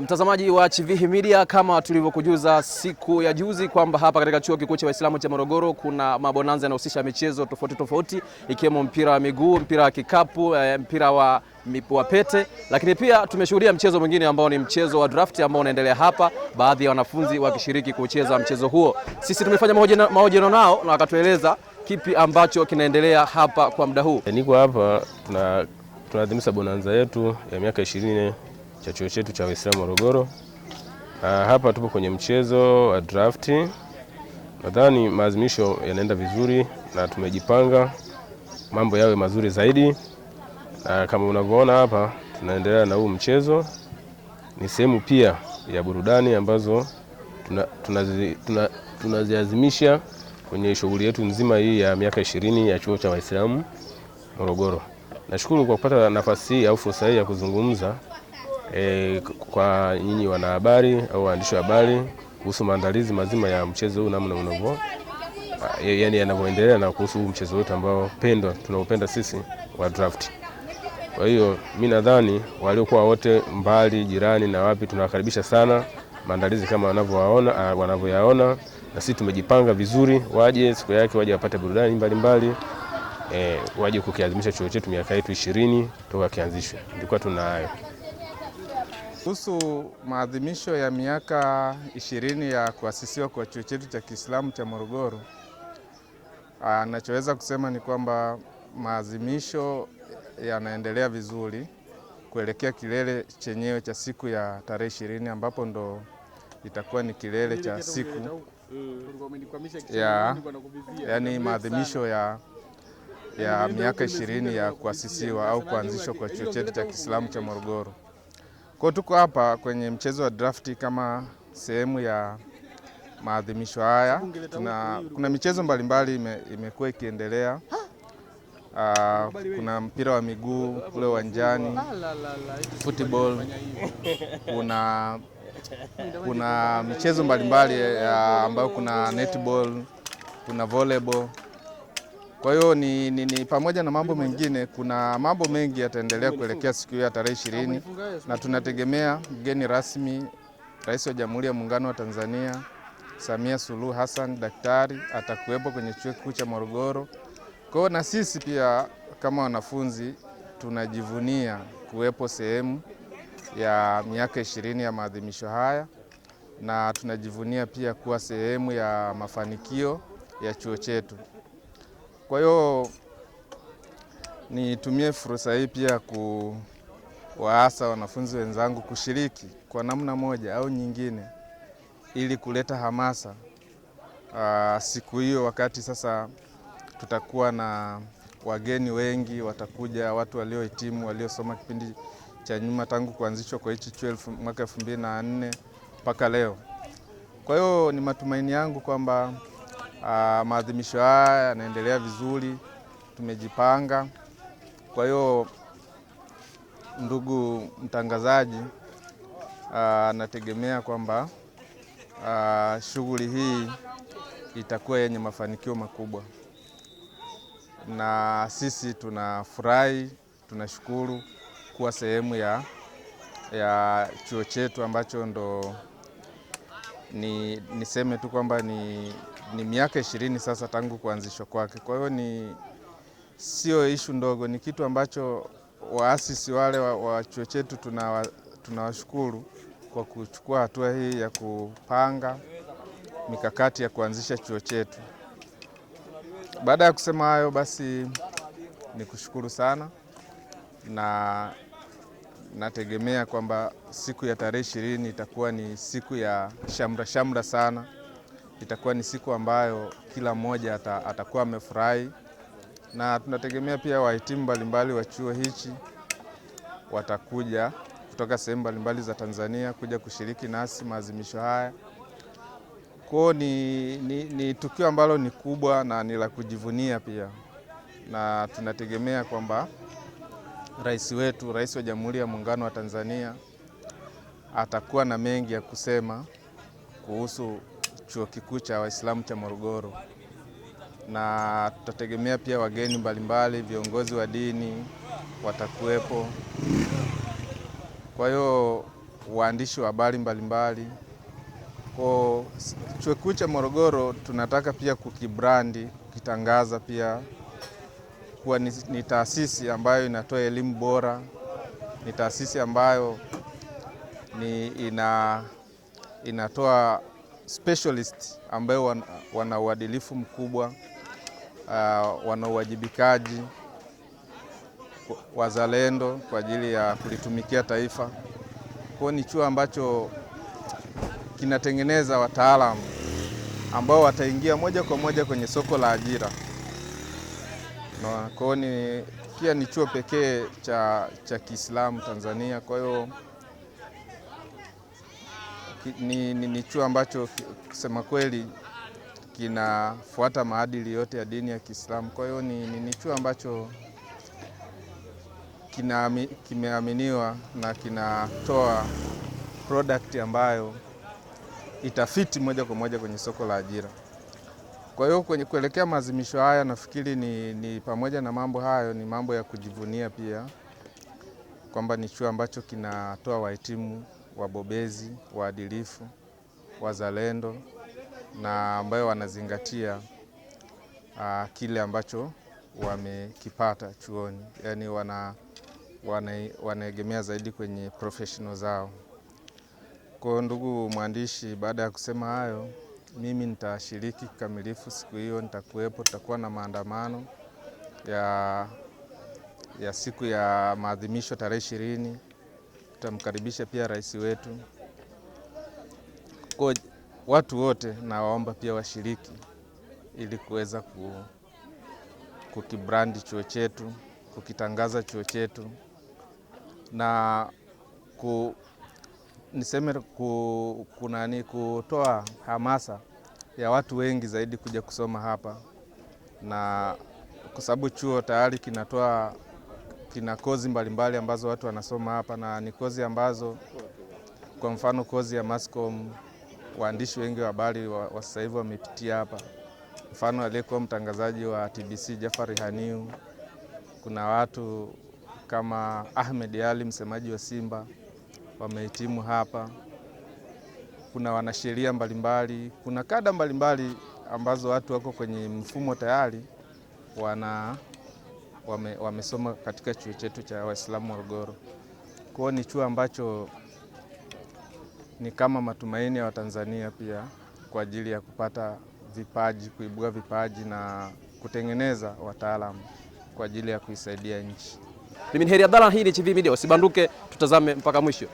Mtazamaji wa Chivihi Media, kama tulivyokujuza siku ya juzi kwamba hapa katika chuo kikuu cha Waislamu cha Morogoro kuna mabonanza yanahusisha michezo tofauti tofauti ikiwemo mpira wa miguu, mpira wa kikapu, eh, mpira wa wa pete, lakini pia tumeshuhudia mchezo mwingine ambao ni mchezo wa draft ambao unaendelea hapa, baadhi ya wanafunzi wakishiriki kucheza mchezo huo. Sisi tumefanya mahojiano nao na wakatueleza kipi ambacho kinaendelea hapa kwa muda huu. Niko hapa tunaadhimisha bonanza yetu ya miaka cha chuo chetu cha Waislamu Morogoro. Hapa tupo kwenye mchezo wa draft. Nadhani maazimisho yanaenda vizuri na tumejipanga mambo yawe mazuri zaidi, na kama unavyoona hapa tunaendelea na huu mchezo. Ni sehemu pia ya burudani ambazo tunaziazimisha tuna, tuna, tuna kwenye shughuli yetu nzima hii ya miaka ishirini ya chuo cha Waislamu Morogoro. Nashukuru kwa kupata nafasi hii au fursa hii ya kuzungumza e, kwa nyinyi wanahabari au waandishi wa habari kuhusu maandalizi mazima ya mchezo huu namna unavyo eh, yani yanavyoendelea na kuhusu mchezo wote ambao pendwa tunaupenda sisi wa draft. Kwa hiyo mi nadhani waliokuwa wote mbali jirani na wapi, tunawakaribisha sana maandalizi kama wanavyowaona ah, wanavyoyaona, na sisi tumejipanga vizuri, waje siku yake, waje wapate burudani mbalimbali e, waje kukiadhimisha chuo chetu miaka yetu ishirini toka kianzishwe, ilikuwa tunayo kuhusu maadhimisho ya miaka ishirini ya kuasisiwa kwa chuo chetu cha Kiislamu cha Morogoro, anachoweza ah, kusema ni kwamba maadhimisho yanaendelea vizuri kuelekea kilele chenyewe cha siku ya tarehe ishirini ambapo ndo itakuwa ni kilele cha siku ya, yani maadhimisho ya ya miaka ishirini ya kuasisiwa au kuanzishwa kwa chuo chetu cha Kiislamu cha Morogoro. Kwa tuko hapa kwenye mchezo wa drafti kama sehemu ya maadhimisho haya. Tuna, kuna michezo mbalimbali imekuwa ikiendelea. Uh, kuna mpira wa miguu kule uwanjani, football, kuna kuna michezo mbalimbali eh, ambayo kuna netball, kuna volleyball kwa hiyo ni, ni, ni pamoja na mambo mengine, kuna mambo mengi yataendelea kuelekea siku hiyo ya tarehe ishirini, na tunategemea mgeni rasmi Rais wa Jamhuri ya Muungano wa Tanzania Samia Suluhu Hassan daktari atakuwepo kwenye chuo kikuu cha Morogoro. Kwa hiyo na sisi pia kama wanafunzi tunajivunia kuwepo sehemu ya miaka ishirini ya maadhimisho haya na tunajivunia pia kuwa sehemu ya mafanikio ya chuo chetu. Kwa hiyo nitumie fursa hii pia kuwaasa wanafunzi wenzangu kushiriki kwa namna moja au nyingine, ili kuleta hamasa aa, siku hiyo, wakati sasa tutakuwa na wageni wengi, watakuja watu waliohitimu, waliosoma kipindi cha nyuma tangu kuanzishwa kwa hichi chuo mwaka elfu mbili na nne mpaka leo. Kwa hiyo ni matumaini yangu kwamba Ah, maadhimisho haya yanaendelea vizuri, tumejipanga. Kwa hiyo ndugu mtangazaji, ah, nategemea kwamba ah, shughuli hii itakuwa yenye mafanikio makubwa, na sisi tunafurahi, tunashukuru kuwa sehemu ya, ya chuo chetu ambacho ndo ni niseme tu kwamba ni ni miaka ishirini sasa tangu kuanzishwa kwake. Kwa hiyo ni sio ishu ndogo, ni kitu ambacho waasisi wale wa, wa chuo chetu tunawashukuru tuna kwa kuchukua hatua hii ya kupanga mikakati ya kuanzisha chuo chetu. Baada ya kusema hayo, basi ni kushukuru sana na nategemea kwamba siku ya tarehe ishirini itakuwa ni siku ya shamra shamra sana itakuwa ni siku ambayo kila mmoja atakuwa amefurahi, na tunategemea pia wahitimu mbalimbali wa chuo hichi watakuja kutoka sehemu mbalimbali za Tanzania kuja kushiriki nasi maadhimisho haya. Kwao ni, ni, ni tukio ambalo ni kubwa na ni la kujivunia pia, na tunategemea kwamba rais wetu, rais wa Jamhuri ya Muungano wa Tanzania atakuwa na mengi ya kusema kuhusu chuo kikuu cha Waislamu cha Morogoro, na tutategemea pia wageni mbalimbali, viongozi wa dini watakuwepo. Kwa hiyo waandishi wa habari mbalimbali. Kwa chuo kikuu cha Morogoro tunataka pia kukibrandi, kukitangaza pia kuwa ni, ni taasisi ambayo inatoa elimu bora, ni taasisi ambayo ni ina, inatoa specialist ambayo wana uadilifu mkubwa uh, wana uwajibikaji wazalendo kwa ajili ya kulitumikia taifa. Kwa ni chuo ambacho kinatengeneza wataalamu ambao wataingia moja kwa moja kwenye soko la ajira. Kwa hiyo ni pia ni chuo pekee cha, cha Kiislamu Tanzania. Kwa hiyo ni, ni, ni chuo ambacho kusema kweli kinafuata maadili yote ya dini ya Kiislamu. Kwa hiyo ni, ni, ni chuo ambacho kimeaminiwa na kinatoa product ambayo itafiti moja kwa moja kwenye soko la ajira. Kwa hiyo kwenye kuelekea maazimisho haya nafikiri ni, ni pamoja na mambo hayo ni mambo ya kujivunia pia kwamba ni chuo ambacho kinatoa wahitimu wabobezi, waadilifu, wazalendo na ambayo wanazingatia uh, kile ambacho wamekipata chuoni, yaani wana, wanaegemea zaidi kwenye professional zao. Kwa ndugu mwandishi, baada ya kusema hayo, mimi nitashiriki kikamilifu siku hiyo, nitakuwepo. Tutakuwa na maandamano ya, ya siku ya maadhimisho tarehe ishirini Tutamkaribisha pia rais wetu kwa watu wote, na waomba pia washiriki ili kuweza ku, kukibrandi chuo chetu, kukitangaza chuo chetu na ku, niseme ku, kunani kutoa hamasa ya watu wengi zaidi kuja kusoma hapa, na kwa sababu chuo tayari kinatoa na kozi mbalimbali mbali ambazo watu wanasoma hapa, na ni kozi ambazo kwa mfano kozi ya Mascom waandishi wengi wa habari wa sasa hivi wamepitia hapa. Mfano, aliyekuwa mtangazaji wa TBC Jafari Haniu, kuna watu kama Ahmed Ali msemaji wa Simba wamehitimu hapa. Kuna wanasheria mbalimbali, kuna kada mbalimbali ambazo watu wako kwenye mfumo tayari wana wame, wamesoma katika chuo chetu cha Waislamu Morogoro. Kwao ni chuo ambacho ni kama matumaini ya Watanzania pia kwa ajili ya kupata vipaji, kuibua vipaji na kutengeneza wataalamu kwa ajili ya kuisaidia nchi. Mimi ni Heri Abdalla, hii ni Chivihi Media, usibanduke, tutazame mpaka mwisho.